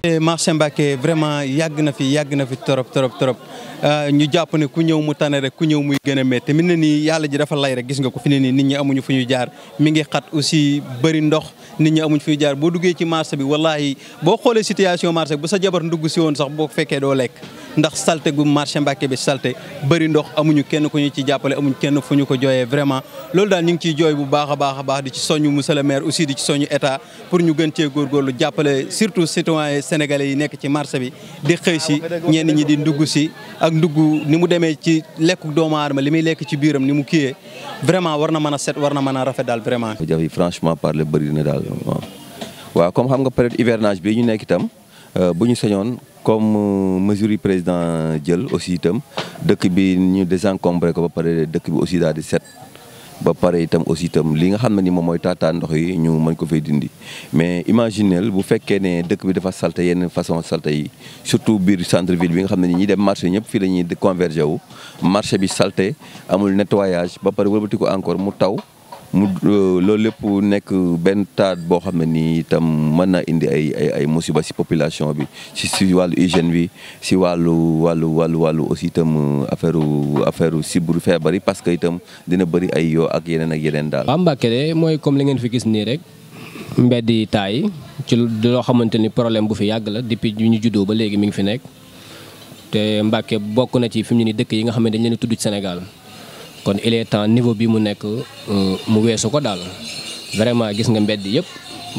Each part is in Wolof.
Eh, marché Mbacké vraiment yàgg na fi yàgg na fi trop trop trop Euh, ñu jàpp ne ku ñëw mu tane rek ku ñëw muy gën a métti mi ne nii yàlla ji dafa lay rek gis nga ko fi ne nii nit ñi amuñu fu ñu jaar mi ngi xat aussi bëri ndox nit ñi amuñu fu ñu jaar boo duggee ci marché bi wallahi boo xoolee situation marché bu sa jabar ndugg si woon sax boo fekkee doo lekk ndax salte gu marché Mbàkke bi salte bëri ndox amuñu kenn ku ñu ci jàppale amuñu kenn fu ñu ko jooyee vraiment loolu daal ñu ngi ciy jooy bu baax a baax baax di ci soñu monsieur le aussi di ci soñu état pour ñu gën cee góorgóorlu jàppale surtout citoyen sénégalais yi nekk ci marché bi di xëy si ñenn ñi si ak ndugg ni mu demee ci lekk doomu aadama li muy lekk ci biiram ni mu kiiyee vraiment war na mën a set war na mën a rafet daal vraiment. jafe yi franchement parler bëri na daal waaw waaw comme xam nga période hivernage bi ñu nekk itam euh, bu ñu sañoon comme euh, mesure yi président jël aussi itam dëkk bi ñu désencombré ko ba pare dëkk bi aussi daal di set. ba pare itam aussi itam li nga xam ne ni moom mooy tataa ndox yi ñu mañ ko fay dindi mais imaginel bu fekkee ne dëkk bi dafa salte yenn façon salte yi surtout biir centre ville bi nga xam ne ni ñi dem marché ñëpp fii la ñuy converger wu marché bi salte amul nettoyage ba pare wëlbati ko encore mu taw mu euh, loolu lépp nekk benn taat boo xam ne nii itam mën naa indi ay ay ay musiba si population bi ci si wàllu hygiène bi si wàllu wàllu wàllu wàllu aussi itam affaire affaire sibru feebar yi parce que itam dina bëri ay yoo ak yeneen ak yeneen daal. waaw Mbàkke de mooy comme li ngeen fi gis nii rek mbedd yi taa yi ci loo xamante ni problème bu fi yàgg la depuis ñu juddoo ba léegi mi ngi fi nekk te Mbàkke bokk na ci fi mu ne dëkk yi nga xam ne dañ leen tudd ci Sénégal. kon il est temps niveau bi mu nekk euh, mu weesu ko daal vraiment gis nga mbedd yëpp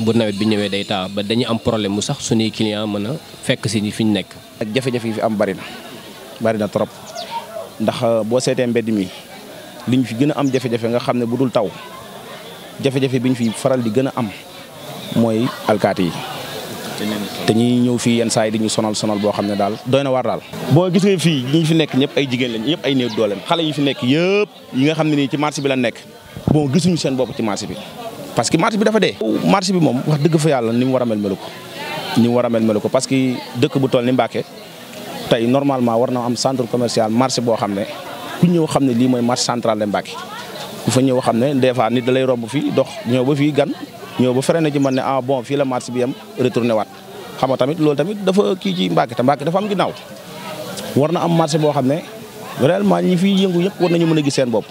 bu nawet bi ñëwee day taa ba dañuy am problème mu sax suñuy client mën a fekk si fi ñu nekk. ak jafe-jafe yi fi am bari na bari na trop ndax euh, boo seetee mbedd mi li ñu fi gën a am jafe-jafe nga xam ne bu dul taw jafe-jafe bi ñu fi faral di gën a am mooy alkaati yi. te ñuy ñëw fii yenn saa yi di ñu sonal sonal boo xam ne daal doy na war daal boo gis nga fii nekk ñëpp ay jigéen lañ ñëpp ay néew doole xale yi fi nekk yëpp yi nga xam ne nii ci bi la nekk bon gisuñu seen bopp ci marché bi parce que marché bi dafa dee marché bi moom wax dëgg fa yàlla ni mu war a mel melu ko ni mu war a mel melu parce que dëkk bu toll ni Mbacke tey normalement war na am centre commercial marché boo xam ne ku ñëw xam ne lii mooy marché central de Mbacke ku fa ñëw xam ne des fois nit da lay romb fii dox ñëw ba fii gan ñëw ba freiné ji man ne ah bon fii la marché bi yem retourné waat xam nga tamit loolu tamit dafa kii ci Mbacke te Mbacke dafa am ginnaaw war na am marché boo xam ne réellement ñi fiy yëngu yëpp war nañu mën a gis seen bopp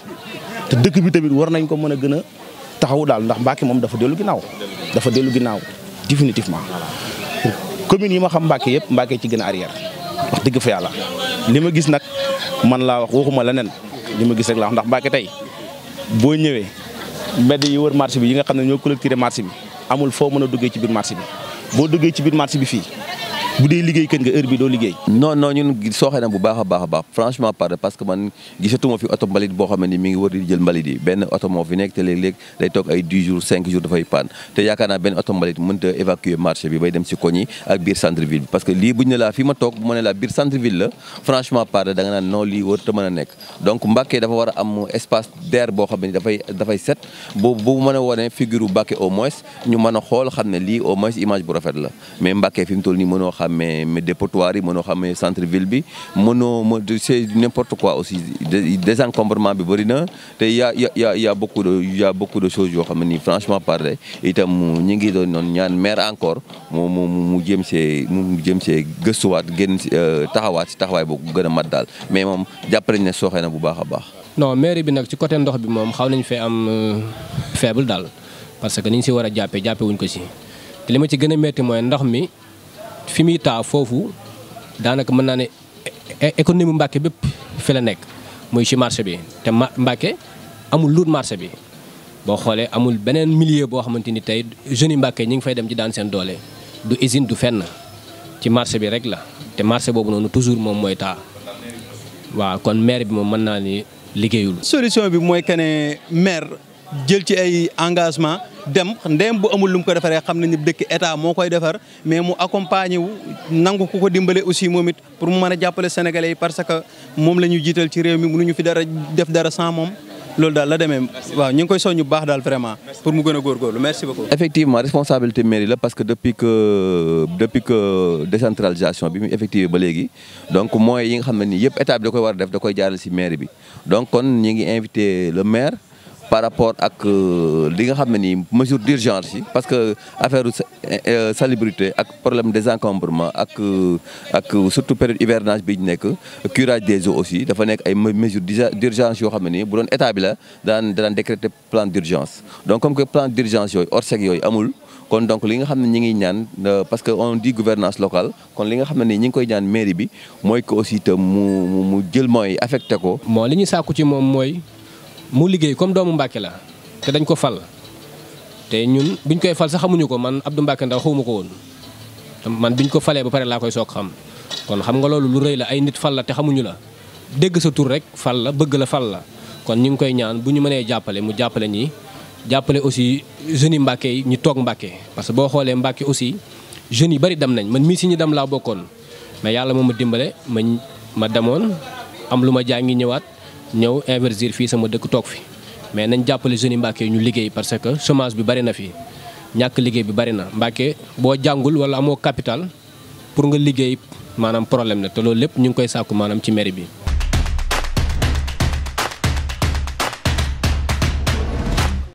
te dëkk bi tamit war nañ ko mën a gën a taxawu daal ndax Mbacke moom dafa dellu ginnaaw dafa dellu ginnaaw définitivement commune yi ma xam Mbacke yëpp Mbacke ci gën a wax dëgg fa yàlla li ma gis nag man laa wax waxuma leneen li ma gis rek laa wax ndax mbaake tey boo ñëwee mbedd yi wër marché bi yi nga xam ne ñoo collecté marché bi amul foo mën a duggee ci biir marché bi boo duggee ci biir marché bi fii bu dee liggéeykat nga heure bi doo liggéey non non sooxee na bu baax a baax a franchement parle parce que man gisatuma fi oto mbalit boo xam ne mi ngi war di jël mbalit yi benn oto moo fi nekk te léeg-léeg day toog ay jours jours dafay panne te yaakaar naa benn oto mbalit mënta évacuer marché bi bay dem si koñ ak biir centre ville bi parce que lii buñ ne laa fi ma toog bu ma ne laa biir centre ville la franchement parle da naan non lii a a nekk donc Mbacké a am espace d'air boo xam a wone figure a xool mais mais dépotoir yi mënoo xàmmee centre ville bi mënoo ma c'est n'importe quoi aussi désencombrement bi bëri na te y a yaa a y a beaucoup de yoo xam ne nii franchement parler itam ñu ngi doon noonu ñaan maire encore mu mu mu jëm see mu jëm see gëstuwaat gën euh, taxawaat si taxawaay boobu gën a mat daal mais moom jàpp nañ ne sooxee na bu baax a baax. non mairie bi nag ci côté ndox bi moom xaw nañ fee am euh, faible daal parce que ni si war a jàppee jàppee wuñ ko si te li ma ci gën a métti mooy ndox mi. fi muy taa foofu daanaka mën naa ne économie Mbàkke bépp fi la nekk muy ci marché bi te Mbàkke amul luut marché bi boo xoolee amul beneen milieu boo xamante ni tey jeunes yi Mbàkke ñi ngi fay dem ci daan seen doole du usine du fenn ci marché bi rek la te marché boobu noonu toujours moom mooy taa waaw kon maire bi moom mën naa ni liggéeyul. solution bi mooy que ne jël ci ay engagement dem ndéem bu amul lu mu ko defaree xam nañu dëkk état moo koy defar mais mu accompagner wu nangu ko ko dimbale aussi moom it pour mu mën a jàppale sénégalais parce que moom la ñu jiital ci réew mi mu ñu fi dara def dara sans moom loolu la demee waaw ñu ngi koy soññu bu baax daal pour mu gën a góorgóorlu merci beaucoup. effectivement responsabilité mairie la parce que depuis que depuis que décentralisation bi mu effectué ba léegi donc mooy yi nga xam ne nii yëpp état bi da koy war a def da koy jaaral si mairie bi donc kon ñu ngi invité le maire. par rapport ak euh, li nga xam ne nii mesure d'urgence yi parce que affaire euh, euh, salubrité ak problème désencombrement ak ak surtout période hivernage bi ñu nekk curage des eaux aussi dafa nekk ay mesures d'urgence yoo xam ne nii bu doon état bi la daan daan décréter plan d'urgence donc comme que plan d'urgence yooyu ORSEC yooyu amul kon donc li nga xam ne ñi ngi ñaan parce que on di gouvernance locale kon li nga xam ne nii ñi ngi koy ñaan mairie bi mooy que aussi te mu mu jël mooy affecté ko. bon li ñu sàkku ci moom mooy. mu liggéey comme doomu Mbàkke la te dañ ko fal te ñun biñ koy fal sa xamuñu ko man Abdou Mbàkke Ndaw xawuma ko woon man biñ ko falee ba pare laa koy soog xam kon xam nga loolu lu rëy la ay nit fal la te xamuñu la dégg sa tur rek fal la bëgg la fal la kon ñu ngi koy ñaan bu ñu mënee jàppale mu jàppale ñi jàppale aussi jeunes yi Mbàkke yi ñu toog Mbàkke parce que boo xoolee Mbàkke aussi jeunes yi bari dem nañ man mii si ñu dem laa bokkoon mais yàlla moo ma dimbale ma ma demoon am lu ma jàngi ñëwaat ñëw investir fii sama dëkk toog fi mais nañ jàppale jeunes yi Mbacke ñu liggéey parce que chômage bi bari na fii ñàkk liggéey bi bari na Mbacke boo jàngul wala amoo capital pour nga liggéey maanaam problème la te loolu lépp ñu ngi koy sàkku maanaam ci mairie bi.